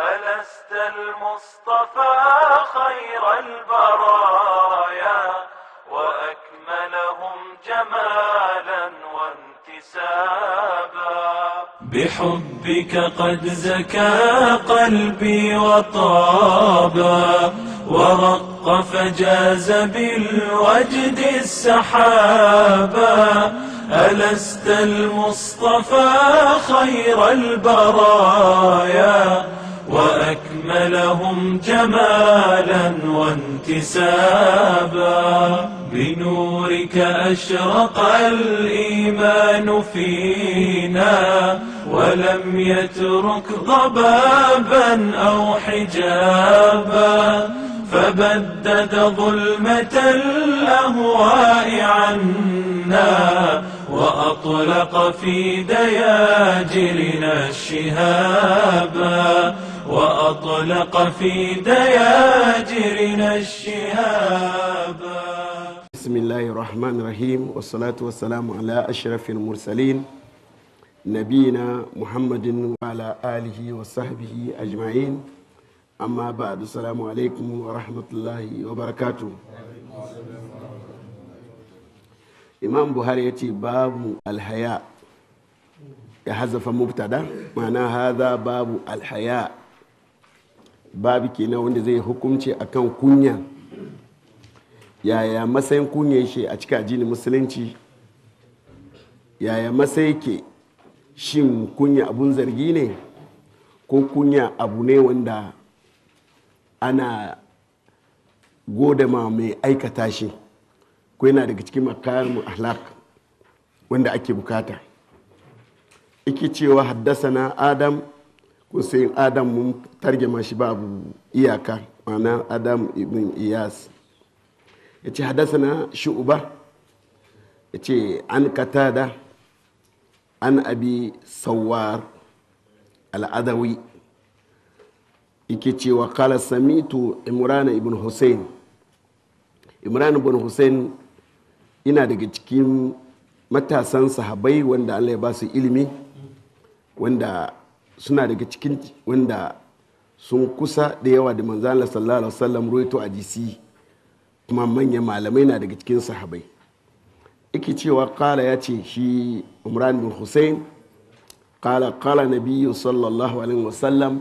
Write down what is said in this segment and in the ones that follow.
ألست المصطفى خير البرايا وأكملهم جمالا وانتسابا بحبك قد زكى قلبي وطابا ورق فجاز بالوجد السحابا ألست المصطفى خير البرايا وأكملهم جمالا وانتسابا بنورك أشرق الإيمان فينا ولم يترك ضبابا أو حجابا فبدد ظلمة الأهواء عنا وأطلق في دياجرنا الشهابا وأطلق في دياجرنا الشهاب بسم الله الرحمن الرحيم والصلاة والسلام على أشرف المرسلين نبينا محمد وعلى آله وصحبه أجمعين أما بعد السلام عليكم ورحمة الله وبركاته إمام buhari ya ce babu alhaya ya هذا mubtada ma'ana haza babu kenan wanda zai hukunci kan kunya yaya matsayin kunya shi a cika jini musulunci yaya matsayi ke shin kunya abun zargi ne ko kunya abu ne wanda ana godama mai aikata shi ko yana daga cikin mu ahlak wanda ake bukata ike cewa haddasa na adam ko adam mun targima shi babu iyaka mana adam ibn iyas ya ce hadasana shu'uba ya ce an katada an abi sawar al'adawi yake cewa kala samitu imran ibn hussein imran ibn hussein ina daga cikin matasan sahabai wanda allah ya ba su ilimi wanda suna daga cikin wanda sun kusa da yawa da manzan Allah sallallahu alaihi wasallam ruwaito a jisi kuma manyan malamai na daga cikin sahabai iki cewa kala ya ce shi umran bin hussein kala kala nabiyyu sallallahu alaihi wasallam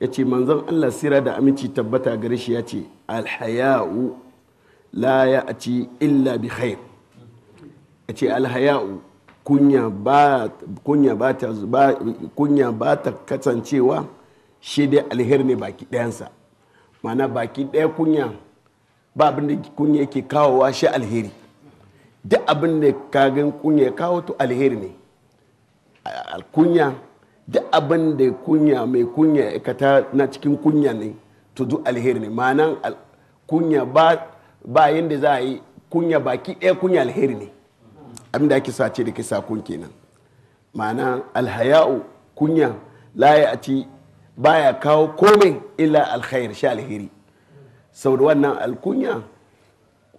ya ce manzan Allah sira da aminci tabbata gare shi ya ce alhaya'u la ya ci illa bi khair ya ce alhaya'u kunya ba ta kasancewa shi dai alheri ne baki ɗayansa mana baki ɗaya kunya ba abin da kunya yake kawowa shi alheri duk abin da kagan kunya ya kawo to alheri ne kunya duk abin da kunya mai kunya ya na cikin kunya ne to duk alheri ne ma'anan kunya ba yadda za a yi kunya baki ɗaya kunya alheri ne abinda ake sace ce da kai sakon kenan ma'ana alhaya'u kunya la a ci baya kawo komai illa alkhair sha alheri sau da wannan alkunya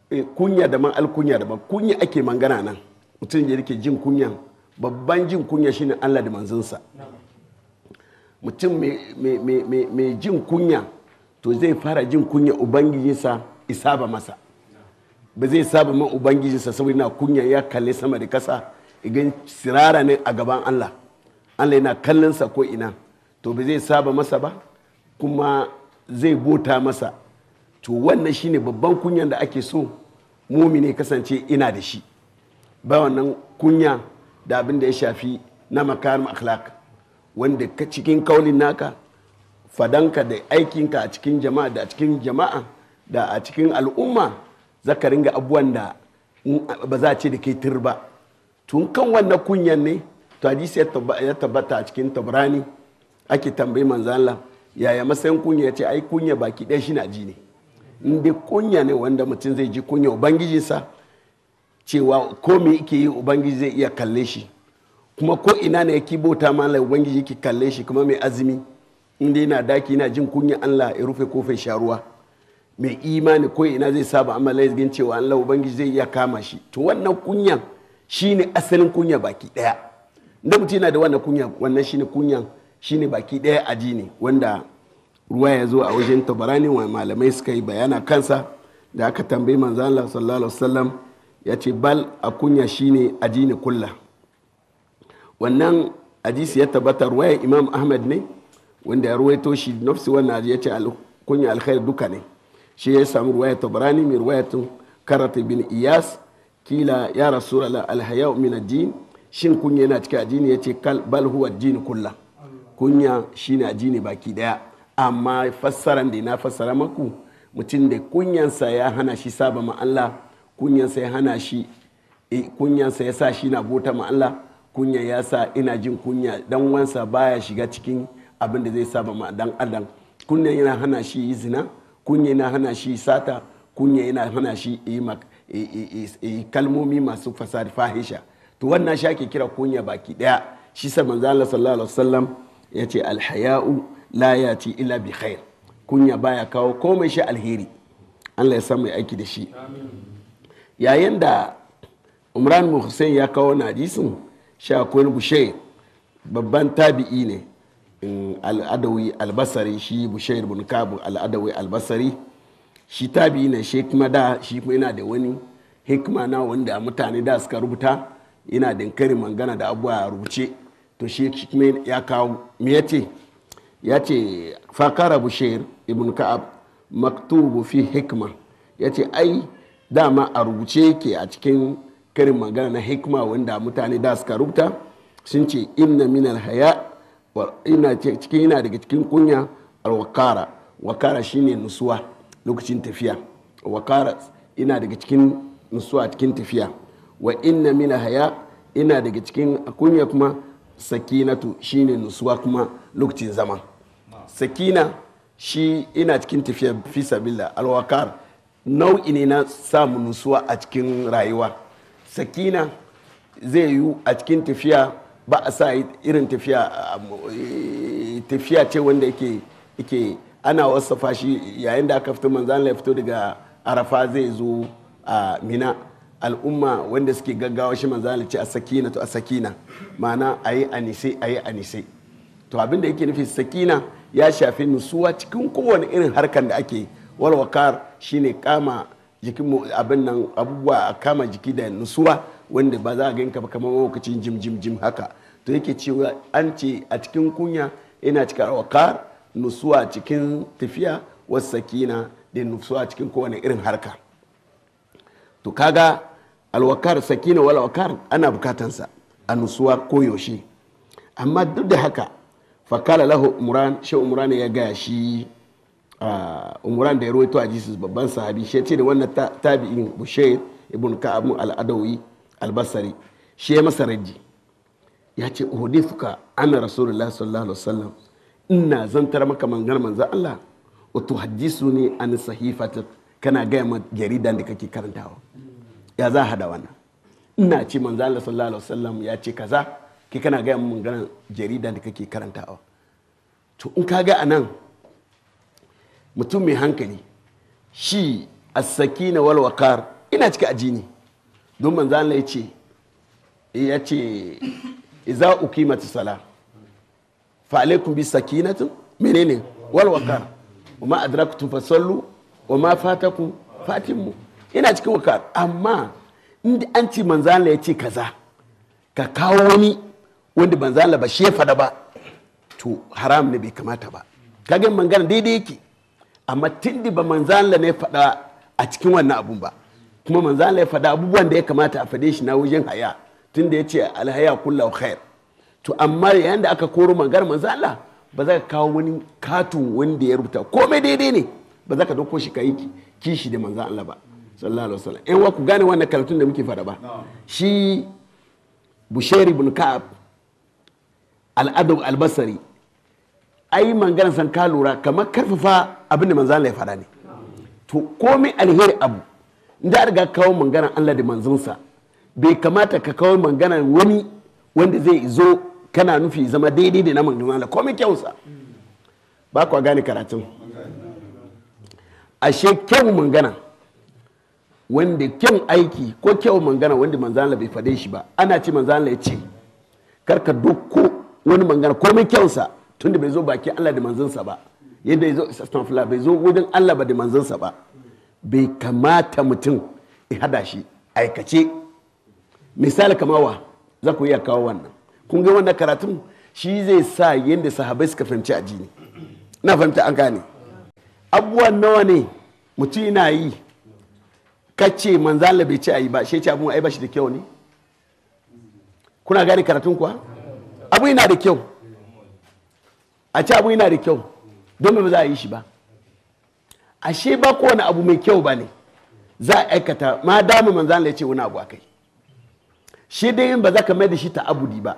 eh, kunya da man alkunya da kunya ake mangana nan mutum ya rike jin kunya babban jin kunya shine allah da manzinsa mutum mai jin kunya to zai fara jin kunya ubangijinsa isaba masa ba zai saba man ubangijinsa saboda na kunya ya kalle sama da kasa igan sirara ne a gaban Allah Allah yana kallonsa ko ina to ba zai saba masa ba kuma zai bota masa to wannan shine babban kunyan da ake so mumini kasance ina da shi ba wannan kunya da abin da ya shafi na makarim akhlaq wanda ka cikin kaulin naka fadanka da aikinka a cikin jama'a da a cikin jama'a da a cikin al'umma za ka ringa abubuwan da ba za a ce da kai tir ba tun kan wannan kunyan ne to hadisi ya tabbata a cikin tabrani ake tambayi manzala yaya matsayin kunya ya ce ai kunya baki ɗaya shi na ji ne inda kunya ne wanda mutum zai ji kunya ubangijinsa cewa ko me yake yi ubangiji zai iya kalle shi kuma ko ina ne ki bauta mala ubangiji yake kalle shi kuma mai azumi inda yana daki yana jin kunya Allah ya rufe kofin sharuwa mai imani ko ina zai saba amala ya cewa Allah ubangiji zai iya kama shi to wannan kunyan shine asalin kunya baki daya inda mutum yana da wannan kunya wannan shi ne kunyan ne baki daya aji ne wanda ruwa ya zo a wajen tabarani wa malamai suka yi bayana kansa da aka tambayi manzo Allah sallallahu alaihi wasallam ya ce bal a kunya shine aji ne kulla wannan hadisi ya tabbata ya imam ahmad ne wanda ya ruwaito shi nafsi wannan ya ce kunya alkhair duka ne shi ya samu ruwaya tabarani mai ruwayatun karata bin iyas kila ya rasu alhayau min addini shin kunya yana cikin addini ya ce bal huwa addini kulla kunya ne ajini baki daya amma fassaran da na fassara maku mutum da kunyansa ya hana shi saba ma'alla kunyansa ya hana shi eh, kunyansa ya sa shi na bota ma Allah kunya ya sa ina jin kunya dan wansa baya shiga cikin abin da zai saba ma'adan dan adam kunyan yana hana shi yi zina kunya yana hana shi sata kunya yana hana shi yi kalmomi masu fasad fahisha to wannan shi ake kira kunya baki daya shi sa manzo Allah sallallahu alaihi wasallam alhaya'u la yati illa bi khair kunya baya kawo komai shi alheri Allah ya samu aiki da shi yayin da Umran Hussein ya kawo hadisin sha bushe babban tabi'i ne al'adawi albasari shi bushair bin kabu al'adawi albasari shi tabi biyu shi kuma da shi kuma yana da wani hikima na wanda mutane da suka rubuta yana da kari mangana da abuwa a rubuce to shi kuma ya kawo me yace yace fakara bushair ibn ka'ab maktubu fi hikma yace ai dama a rubuce yake a cikin karin magana na hikma wanda mutane da suka rubuta sun ce inna minal haya ina cikin yana daga cikin kunya alwakara wakara shine nusuwa lokacin tafiya wakara ina daga cikin nusuwa cikin tafiya wa inna mina haya ina daga cikin kunya kuma sakinatu shine nusuwa kuma lokacin zama sakina shi ina cikin tafiya fi sabila alwakar nau'i ne na samun nusuwa a cikin rayuwa sakina zai yiwu a cikin tafiya ba a sa irin tafiya ce wanda yake yake ana wasafa shi yayin da aka fito manzan ya fito daga arafa zai zo a mina al'umma wanda suke gaggawa shi manzan ce a sakina to a sakina ma'ana a yi anise a yi anise to abin da yake nufi sakina ya shafi nusuwa cikin kowane irin harkar da ake walwakar shine kama jikin abin nan abubuwa kama jiki da nusuwa wanda ba za a ganka ba kamar lokacin jim jim jim haka to yake cewa an ce a cikin kunya yana cikin wakar nusuwa cikin tafiya wasu sakina da nusuwa cikin kowane irin harka to kaga alwakar sakina wal wakar ana bukatansa a nusuwa koyaushe amma duk da haka fakala lahu umran shi umran ya gaya shi umran da ya rawaito a jesus babban sahabi shi ce da wannan tabi'in bushair ibn ka'ab al-adawi albasari shi ya masa raji ya ce uhudithuka ana rasulullah sallallahu alaihi wasallam ina zantar maka mangar manzan Allah wato hadisu ne an sahifatik kana gaya ma jaridan da kake karantawa ya za hada wannan ina ce manzan Allah sallallahu alaihi wasallam ya ce kaza ke kana gaya ma maganar jaridan da kake karantawa to in ka ga anan mutum mai hankali shi as-sakina wal waqar ina cika ajini don manzo Allah ya ce ya ce iza uqimat sala fa alaikum bi sakinatin menene wal waqar wama adraktum fasallu ma fataku fatimu ina cikin wakar amma inda an ce manzo Allah ya ce kaza ka kawo wani wanda manzo Allah ba shi ya fada ba to haram ne bai kamata ba kaga magana daidai yake amma tunda ba manzo Allah ne fada a cikin wannan abun ba kuma manzo Allah ya faɗa abubuwan da ya kamata a fade shi na wajen haya tunda ya ce alhaya kullu khair to amma yayin da aka koro magar manzo Allah ba za ka kawo wani katon wanda ya rubuta komai daidai ne ba za ka dauko shi ka yi kishi da manzo Allah ba sallallahu alaihi wasallam in wa ku gane wannan karatun da muke faɗa ba shi bushair ibn ka'ab al-adab al-basri ai maganar san ka lura kamar karfafa abin da manzo Allah ya ne to komai alheri abu da riga kawo mangana Allah da manzonsa bai kamata ka kawo manganan wani wanda zai zo kana nufi zama daidai da na mangana Allah komai kyausa ba kwa gane karatun ashe kyau mangana wanda kyau aiki ko kyau mangana wanda manzan Allah bai fade shi ba ana ce manzan Allah ya ce karka doko wani mangana komai kyausa tunda bai zo baki Allah da manzansa ba yadda ya zo astaghfirullah bai zo wurin Allah ba da manzansa ba bai kamata mutum ya hada shi aikace misali kamawa za ku iya kawo wannan kun ga wannan karatun shi zai sa yadda sahabai suka fahimci a jini, na fahimta an gane Abuwa nawa ne mutum yana yi kace manzala bai ce a yi ba shi ce abun ai ba shi da kyau ne kuna gane karatun kuwa abu yana da kyau a ci abu yana da kyau don ba za a yi shi ba ashe ba kowane abu mai kyau ba ne za a aikata ma damu manzo Allah ya wani abu akai shi dai in ba za ka mai da shi ta'abudi ba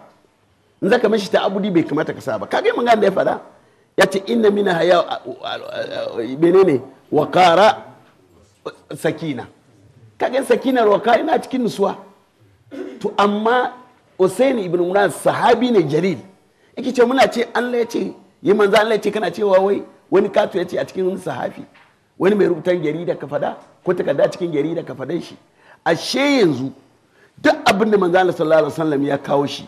in za ka mai shi ta'abudi bai kamata ka sa ba kage mun ga da ya fada ya ce inna mina haya menene wakara sakina kage sakinar wakara ina cikin nutsuwa to amma Usaini ibn Umran sahabi ne jaril yake ce muna ce Allah ya ce yi manzo Allah ce kana cewa wai wani katu ya ce a cikin sahafi wani mai rubutan jarida ka faɗa ko takarda cikin jarida ka faɗan shi ashe yanzu duk abin da manzo Allah sallallahu alaihi wasallam ya kawo shi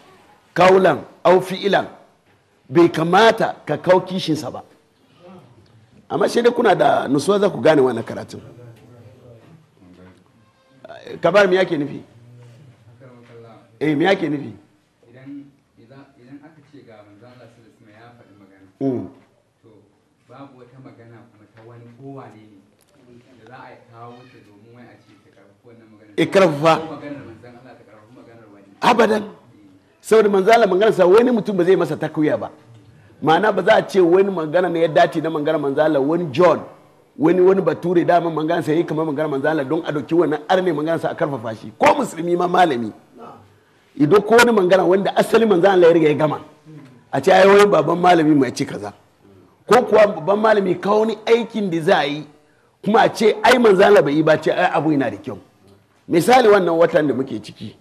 kaulan au fi'ilan bai kamata ka kawo kishinsa ba amma sai dai kuna da nusuwa za ku gane wannan karatun bar mi yake nufi eh mi yake nufi idan aka ce ga manzo Allah sallallahu alaihi wasallam ya faɗi magana mm. kowa ne da za a kawo domin wai a ce ta karfafa wannan magana eh, abadan saboda manzala sa wani mutum ba zai masa takwiya ba ma'ana ba za a ce wani magana ne ya dace na magana manzala wani john wani wani bature dama magana sai kamar magana manzala don a doki wannan arne magana sa a karfafa shi ko musulmi ma malami idan ko wani magana wanda asali manzala ya riga ya gama a ce ai wani baban malami mai ci kaza ko kuwa babban malami kawo wani aikin da za a yi kuma a ce ai manzan bai yi ba ce ai abu yana da kyau misali wannan watan da muke ciki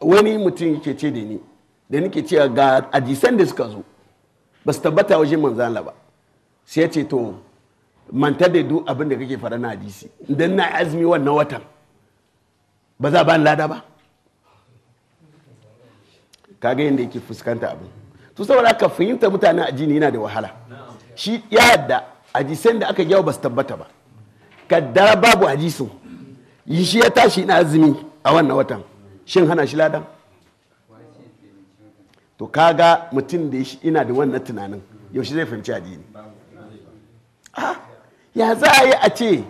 wani mutum yake ce da ni da nake cewa ga hadisan da suka zo ba su tabbata waje manzan ba sai ya ce to manta da du abin da kake fara na hadisi idan na azumi wannan watan ba za ba lada ba kaga yadda yake fuskanta abin to saboda ka fahimta a jini yana da wahala shi ya yadda ajisan da aka gyawa ba su tabbata ba kaddara babu a jisu yi shi ya tashi na azumi a wannan watan shin hana shi ladan to kaga mutum da ina da wannan tunanin yaushe zai fahimci a jini? Ah, ya za a yi a ce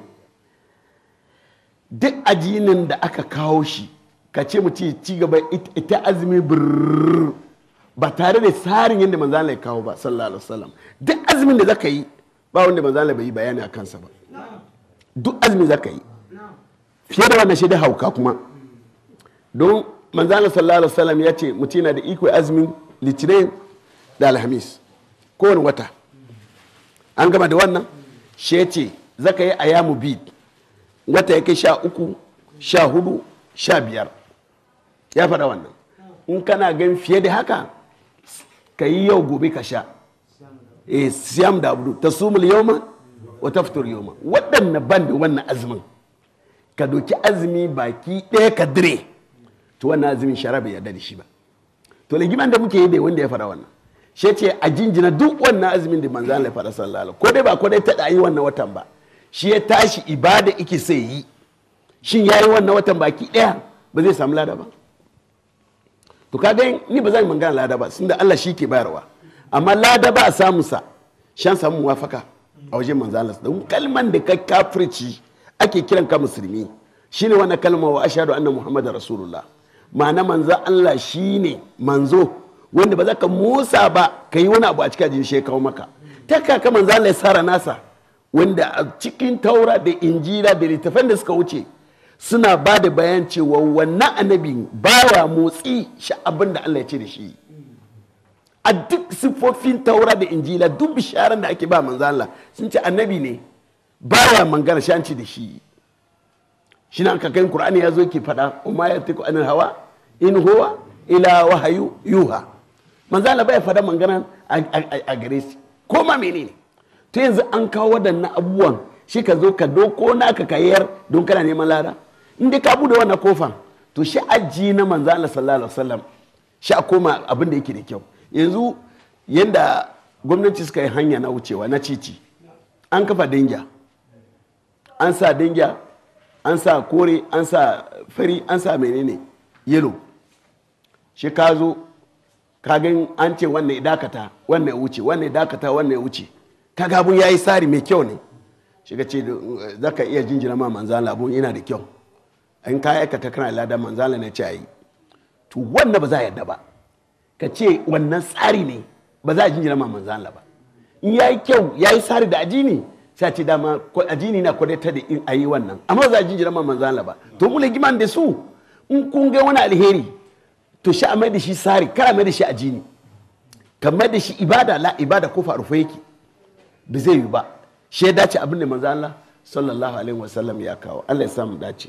duk a jinin da aka kawo shi ka ce mutum ci gaba ita azumi birrrr ba tare da tsarin yadda manzo Allah ya kawo ba sallallahu alaihi wasallam duk azumin da zaka yi ba wanda manzo Allah bai yi bayani a kansa ba duk azumin zaka yi fiye da wannan shi da hauka kuma don manzo Allah sallallahu alaihi wasallam ya ce mutum yana da iko azumin litinin da alhamis kowane wata an gama da wannan shi ya ce zaka yi ayamu bid wata ya kai sha uku sha hudu sha biyar ya faɗa wannan in kana gan fiye da haka ka yi yau gobe ka sha eh siyam da abudu. ta sumul ma, wa ta yau ma. waɗanne ban da wannan azumin ka doki azumi baki ɗaya ka dire to wannan azumin shara bai yarda da shi ba to ligiman da muke yi da wanda ya fara wannan shi ce a jinjina duk wannan azumin da manzan Allah fara sallallahu ko dai ba ko dai ta yi wannan watan ba shi ya tashi ibada ike sai yi shin yayi wannan watan baki ɗaya ba zai samu lada ba to ka dai ni ba zan magana lada ba da Allah shi ke bayarwa amma lada ba a samu sa shan samu muwafaka a wajen manzan Allah don kalman da ka kafirci ake kiran ka musulmi shine wannan kalma wa ashadu anna muhammadar rasulullah ma'ana manzo Allah shine manzo wanda ba za ka musa ba ka yi wani abu a cikin jin kawo maka ta kaka manzo Allah ya sara nasa wanda a cikin taura da injila da littafan da suka wuce suna ba da bayan cewa wannan annabin baya motsi shi abin da Allah ya ce da shi a duk siffofin taura da injila duk bisharan da ake ba manzo Allah sun ce annabi ne baya mangana shanci da shi shi na kakai qur'ani ya zo ke faɗa kuma ya tiku anil hawa in huwa ila wahayu yuha manzo Allah baya faɗa mangana a gare shi ko ma menene to yanzu an kawo waɗannan abubuwan shi ka zo ka doko naka ka don kana neman lada in dai ka bude wannan kofan to shi aji na manzo Allah sallallahu alaihi wasallam shi a koma abin da yake da kyau yanzu yanda gwamnati suka yi hanya na wucewa na cici an kafa dangya an sa dangya an sa kore an sa fari an sa menene yelo shi ka zo ka kagan an ce wannan ya dakata wannan ya wuce wannan ya dakata wannan ya wuce ga abun ya yi tsari mai kyau ne shiga ce zaka iya jinjina ma Allah abun yana da kyau in ka aikata kana lada manzala na ce ayi to wannan ba za a yarda ba ka ce wannan tsari ne ba za a jinjina ma manzala ba in yi kyau yi tsari da ajini sai a ce dama ajini na ta da in ayi wannan amma ba za a jinjina ma manzala ba to mu legiman da su in kun ga wani alheri to sha mai da shi tsari kara mai da shi ajini mai da shi ibada la ibada ko faru yake ba zai yi ba shi ya dace abin da manzala sallallahu alaihi wasallam ya kawo Allah ya samu dace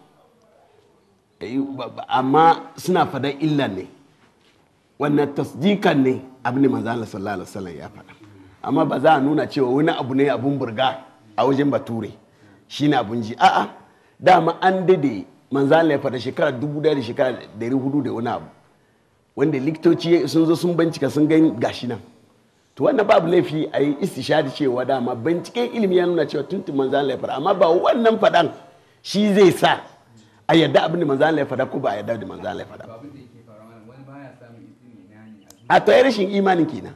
Eh, amma suna fadar illa ne wannan tasdikan ne abin da Allah sallallahu alaihi wasallam ya faɗa amma ba za a nuna cewa wani abu ne abun burga a wajen bature shine abun ji a'a dama an dade Allah ya faɗa shekara dubu da shekara dari hudu da wani abu wanda likitoci sun zo sun bincika sun gani gashi nan to wannan babu laifi a yi istishadi cewa dama binciken ilimi ya nuna cewa tuntun manzan laifar amma ba wannan faɗan shi zai sa a yadda abin da manzan Allah ya ko ba a yadda da manzan Allah ya fada a to rashin imanin kenan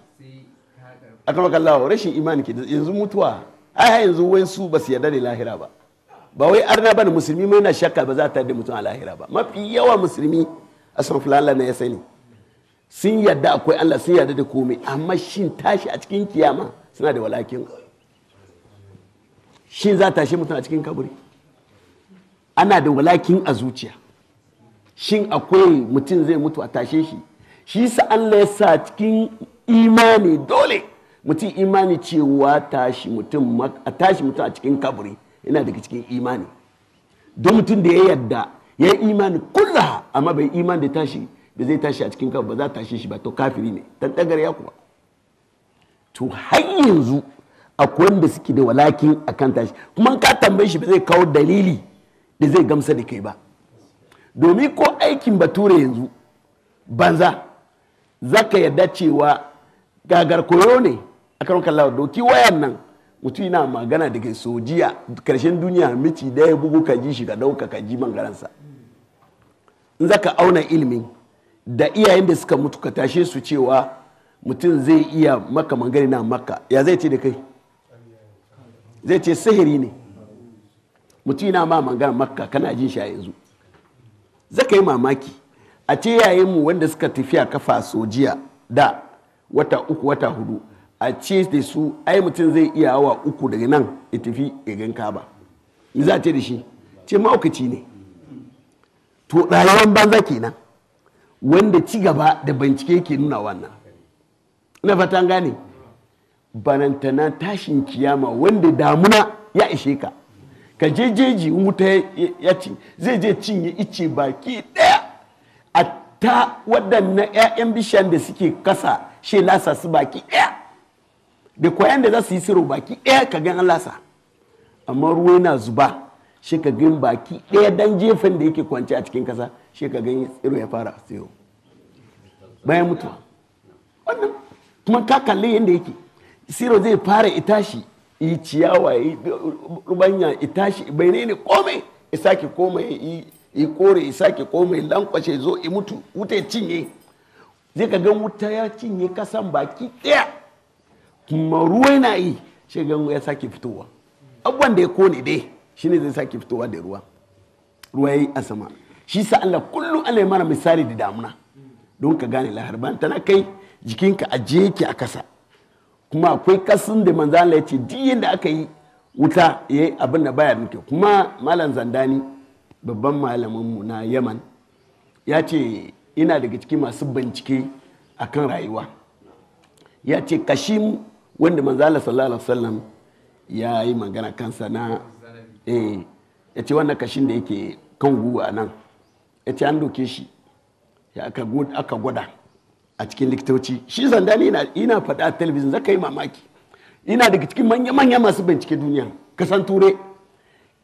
a kan makallawa rashin imanin kenan yanzu mutuwa ai yanzu wai su ba su yadda da lahira ba ba wai arna ba musulmi mai na shakka ba za ta da mutum a lahira ba mafi yawa musulmi a san fulala na ya sani sun yadda akwai Allah sun yadda da komai amma shin tashi a cikin kiyama suna da walakin shin za ta shi mutum a cikin kaburi ana da walakin a zuciya shin akwai mutum zai mutu a tashe shi shi sa Allah ya sa cikin imani dole mutum imani cewa tashi mutum a tashi mutum a cikin kaburi yana daga cikin imani don mutum da ya yarda ya yi imani kulla amma bai imani da tashi da zai tashi a cikin kaburi ba za tashe shi ba to kafiri ne tantagar ya kuwa to har yanzu akwai wanda suke da walakin akan tashi kuma ka tambaye shi ba zai kawo dalili da zai gamsa da kai ba domin ko aikin bature yanzu banza za ka yarda cewa gagar koyo ne a karon kallawa doki wayan nan mutum yana magana daga sojiya karshen duniya miti da bugu ka ji shi ga dauka ka ji mangaransa in za ka auna ilimin da iyayen da suka mutu ka tashe su cewa mutum zai iya maka mangari na maka ya zai ce da kai zai ce sihiri ne mutum yana ma magana makka kana jin shi a yanzu zaka yi mamaki a ce yayin mu wanda suka tafiya kafa sojiya da wata uku wata hudu a ce da su ai mutum zai iya awa uku daga nan ya tafi gan ba. me za ce da shi ce maukaci ne to rayuwar banza kenan wanda ci gaba da bincike ke nuna wannan ina fatan gane banantana tashin kiyama wanda damuna ya ishe ka ka je jeji in wuta ya ce, zai je cinye ice baki ɗaya a ta waɗannan 'ya'yan bishiyan da suke kasa she lasa su baki ɗaya da kwayan da za su yi siro baki ɗaya ka gan an lasa amma ruwa yana zuba shi ka gan baki ɗaya dan jefin da yake kwance a cikin kasa shi ka gan tsiro ya fara tsiro bayan mutuwa wannan kuma ka kalli yadda yake tsiro zai fara itashi yi ciyawa yi rubanya i tashi bai ne komai i sake komai i kore i sake komai lankwashe zo i mutu wuta cinye zai ka gan wuta ya cinye kasan baki ɗaya kuma ruwa yana yi shi gan ya sake fitowa abubuwan da ya kone dai shi ne zai sake fitowa da ruwa ruwa ya yi a sama shi sa Allah kullum Allah ya mara misali da damuna don ka gane lahar tana kai jikinka a jeke a kasa kuma akwai kasin da manzo Allah ya ce duk yadda aka yi wuta ya eh, yi abin da baya nuke kuma malam zandani babban malamin mu na Yaman ya ce ina daga cikin masu bincike akan rayuwa ya ce kashin wanda manzo Allah sallallahu alaihi wasallam ya yi magana kansa na eh, ya ce wannan kashin da yake kan guwa nan ya ce an doke shi ya aka gwada a cikin likitoci shi zandali ina fada a talabijin zaka yi mamaki ina daga cikin manya-manya masu bincike duniya kasan ture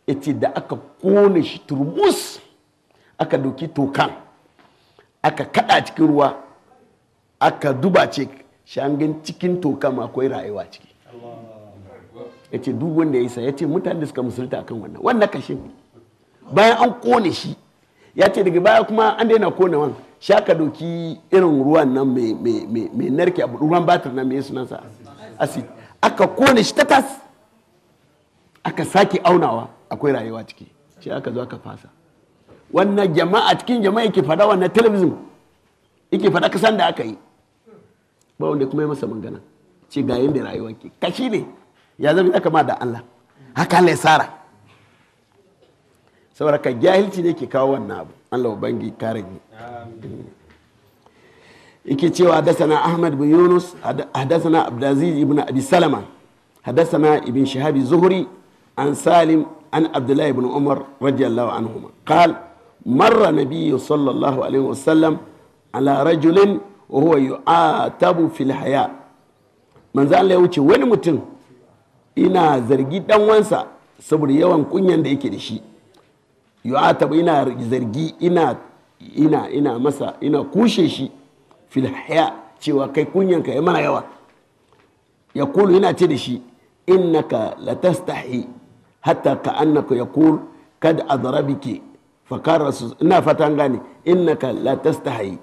ita da aka kone shi turmus aka doki toka aka kada cikin ruwa aka duba ce shangin cikin tokan akwai rayuwa ciki ya ce duk wanda ya isa ya ce mutane da suka musulta akan wannan wannan kashin bayan an kone shi ya ce daga baya kuma an daina kone wannan sha ka doki irin ruwan nan mai narke abu ruwan batir nan mai sunansa asid aka kone shi tas. aka sake aunawa akwai rayuwa ciki shi aka zo aka fasa wannan jama'a cikin jama'a yake fada wannan television yake fada kasan da aka yi ba wanda kuma ya masa mangana ce ga yadda rayuwa ke kashi ne ya zama ya kama da Allah haka lai ya sara saboda ka jahilci ne ke kawo wannan abu Allah bangi kare mu yake cewa hadasana ahmad bin yunus hadasana abdulaziz ibn abi salama hadasana ibn shahabi zuhri an salim an abdullahi ibn umar radiyallahu anhuma qal marra nabiyyu sallallahu alaihi wasallam ala rajulin wa huwa yu'atabu fil haya manzo Allah ya wuce wani mutum ina zargi dan wansa saboda yawan kunyan da yake da shi yu'atabu ina zargi ina ina ina masa ina kushe shi fil haya cewa kai kunyanka ya mana yawa ya kulu ina ce da shi innaka latastahi hatta ka annaka ya kulu kad adarabike fakar rasu ina fatan gane innaka latastahi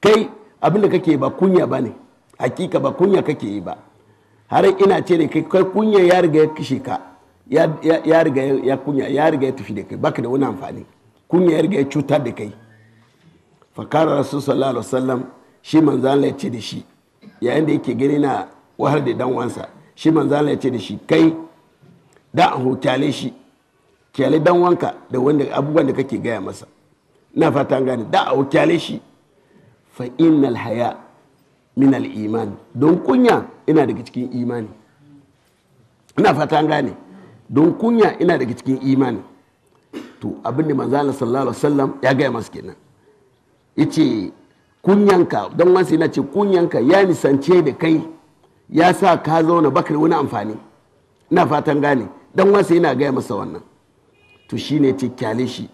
kai abinda kake ba kunya ba ne hakika ba kunya kake yi ba har ina ce da kai kunya ya riga ya kashe ka ya riga ya kunya ya riga ya tafi da kai baka da wani amfani kunya ya riga ya cutar da kai fakara rasu sallallahu alaihi wasallam shi manzo Allah ya ce da shi yayin da yake gani na wahar da dan wansa shi manzo Allah ya ce da shi kai da a kyale shi kyale dan wanka da wanda abubuwan da kake gaya masa na fatan gane da a kyale shi fa innal haya min al iman don kunya ina daga cikin imani ina fatan gane don kunya ina daga cikin imani to abinda manzala sallallahu alaihi wasallam ya gaya masu kenan yace kunyanka don wasu yana ce kunyanka ya nisance da kai ya sa ka zauna bakar wani amfani ina fatan gane don wasu yana gaya masa wannan to shi ne ce kyale shi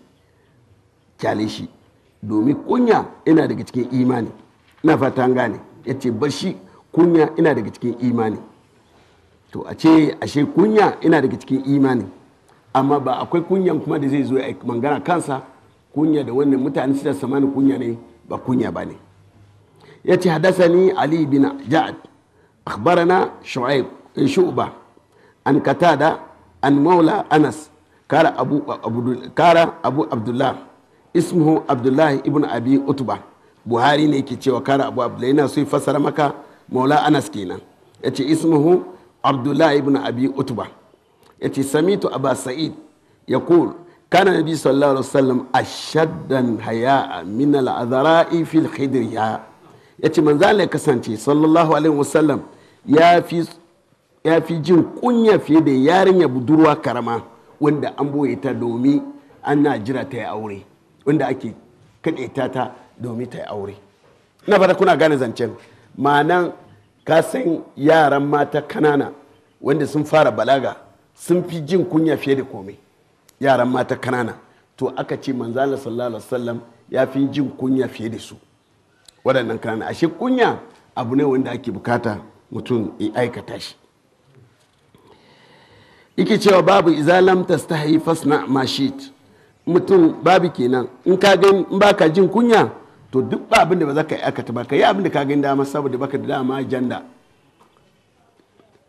kyale shi domin kunya ina daga cikin imani ina fatan gane ya ce bar shi kunya ina daga cikin imani to a ce ashe kunya ina daga cikin imani amma ba akwai kunyan kuma da zai zo ya mangana kansa kunya da wannan mutane suna samani kunya ne ba kunya ba ne ya ce hadasani ali bin ja'ad akhbarana shu'aib eh, shu'ba an katada an maula anas kara abu kara ismuhu abdullahi ibn abi utba buhari ne ke cewa kara abu abdullahi yana so fassara maka maula anas kenan ya ce ismuhu abdullahi ibn abi utba ya ce samitu abu sa'id ya kul kana nabi sallallahu alaihi wasallam haya a min al'azara'i fil khidriya ya ce manzo ya kasance sallallahu alaihi wasallam ya fi jin kunya fiye da yarinya budurwa karama wanda an boye ta domin ana jira ta yi aure wanda ake kaɗe ta ta domin ta yi aure na fata kuna gane zancen ma'anan ka san yaran mata kanana wanda sun fara balaga sun fi jin kunya fiye da komai yaran mata kanana to aka ce manzala sallallahu alaihi wasallam ya fi jin kunya fiye da su waɗannan kanana ashe kunya abu ne wanda ake bukata mutum ya aikata shi ike cewa babu izalam ta haifas fasna mashit mutum babu kenan in ka gani in baka jin kunya to duk ba abin da ba za ka yi aikata ba ka yi abin da ka gani dama saboda baka da dama janda.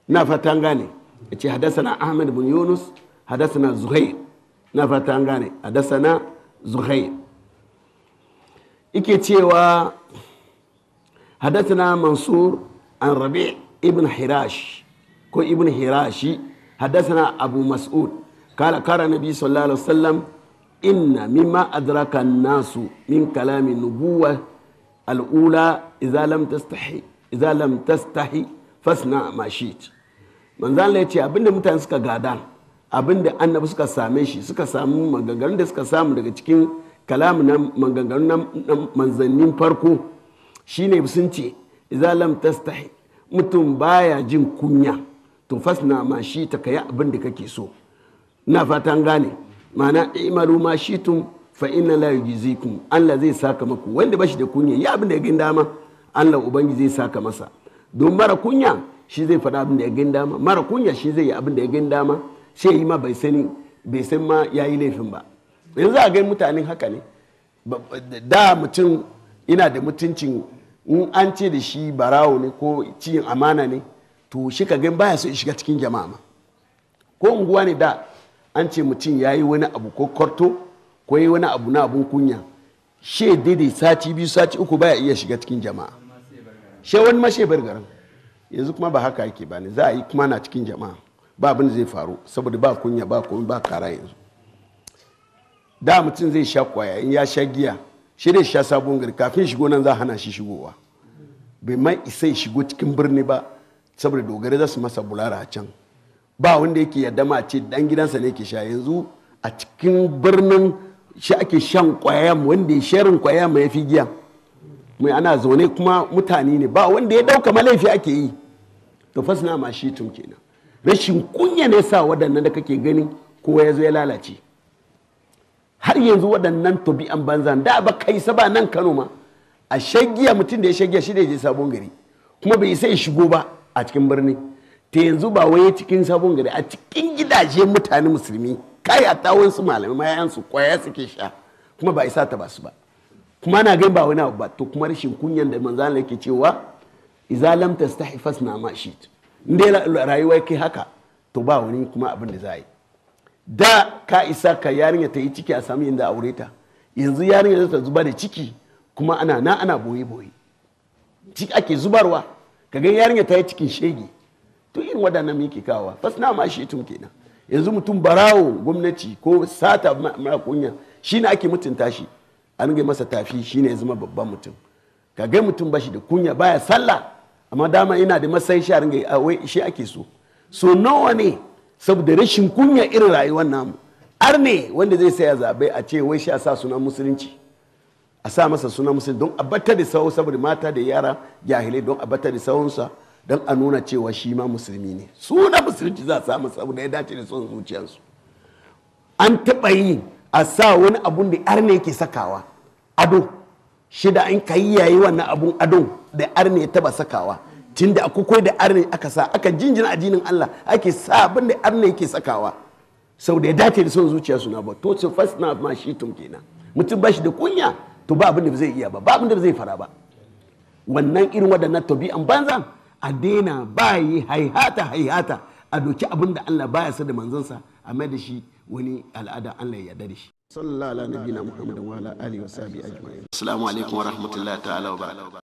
na fatan gane a ce hadasana ahmed bin yunus hadasana zuhai na fatan gane hadasana zuhai ike cewa hadasana mansur an rabi ibn hirash ko ibn hirashi hadasana abu mas'ud kala kara nabi sallallahu alaihi wasallam inna mimma adraka nasu min kalami nubuwa al'ula idza lam tastahi idza fasna manzan ya ce abinda mutane suka gada abinda annabi suka same shi suka samu maganganun da suka samu daga cikin kalamin na manzannin farko shine sun ce idza lam tastahi mutum baya jin kunya to fasna ma ta kai abinda kake so na fatan gane mana imalu ma shitum fa inna la yujzikum Allah zai saka maku wanda bashi da kunya ya abin da ya gin dama Allah ubangiji zai saka masa don mara kunya shi zai faɗa abin da ya gin dama mara kunya shi zai yi abin da ya gin dama sai yi ma bai sani bai san ma ya yi laifin ba yanzu a gani mutanen haka ne da mutum ina da mutuncin in an ce da shi barawo ne ko ciyin amana ne to shi ka gan baya so shiga cikin jama'a ma ko unguwa ne da an ce mutum ya yi wani abu ko kwarto ko yi wani abu na abun kunya she daidai sati biyu sati uku baya iya shiga cikin jama'a she wani ma she garin yanzu kuma ba haka yake ba ne za a yi kuma na cikin jama'a ba abin zai faru saboda ba kunya ba komai ba kara yanzu da mutum zai sha kwaya in ya sha giya shi dai sha sabon gari kafin shigo nan za a hana shi shigowa bai mai isa shigo cikin birni ba saboda dogare za su masa bulara a can ba wanda yake yadda ma ce dan gidansa ne ke sha yanzu a cikin birnin shi ake shan kwayan wanda ya sharin kwayan ya fi giya mai ana zaune kuma mutane ne ba wanda ya dauka malaifi ake yi to fasna ma shi tun kenan rashin kunya ne sa waɗannan da kake gani kowa ya zo ya lalace har yanzu waɗannan tobi'an banza da ba kai ba nan kano ma a shagiya mutum da ya shagiya shi da ya je sabon gari kuma bai isa ya shigo ba a cikin birni ta yanzu ba waye cikin sabon gari a cikin gidaje mutane musulmi kai a tawon su malamai ma yansu kwaya suke sha kuma ba isa ta basu ba kuma na gani ba wani abu ba to kuma rashin kunyan da manzan Allah yake cewa idza lam tastahi fasna ma shit indai rayuwa kai haka to ba wani kuma abin da za yi da ka isa ka yarinya ta yi ciki a samu inda aure ta yanzu yarinya ta zuba da ciki kuma ana na ana boye boye ciki ake zubarwa ka gan yarinya ta yi cikin shege to irin waɗannan muke kawa na ma shi tun kenan yanzu mutum barawo gwamnati ko sata mara kunya shi ne ake mutunta shi an gai masa tafi shi ne zama babban mutum ka gai mutum ba shi da kunya baya sallah amma dama yana da masai, shi a ringa shi ake so so nawa ne saboda rashin kunya irin rayuwar namu ar ne wanda zai saya zabe a ce wai shi a sa sunan musulunci a sa masa sunan musulunci don a batta da sawo saboda mata da yara jahilai don a batta da sawonsa don a nuna cewa shi ma musulmi ne su na musulunci za a samu saboda ya dace da son zuciyarsu an taɓa yi a sa wani abun da arne ke sakawa ado shida an ka yi yayi wannan abun ado da yar ya taɓa sakawa tun da akwai da ne aka sa aka jinjina addinin allah ake sa abin da ne yake sakawa sau da ya dace da son zuciyarsu na ba to su na ma shi tun kenan mutum ba shi da kunya to ba abin da zai iya ba ba abin da zai fara ba wannan irin waɗannan tabi'an banza. a daina ba yi haihata haihata a doki abin da Allah baya sa da manzansa a mai da shi wani al'ada Allah ya yarda da shi sallallahu alaihi wa sallam wa ala alihi wa sahbihi ajma'in assalamu alaikum wa rahmatullahi ta'ala wa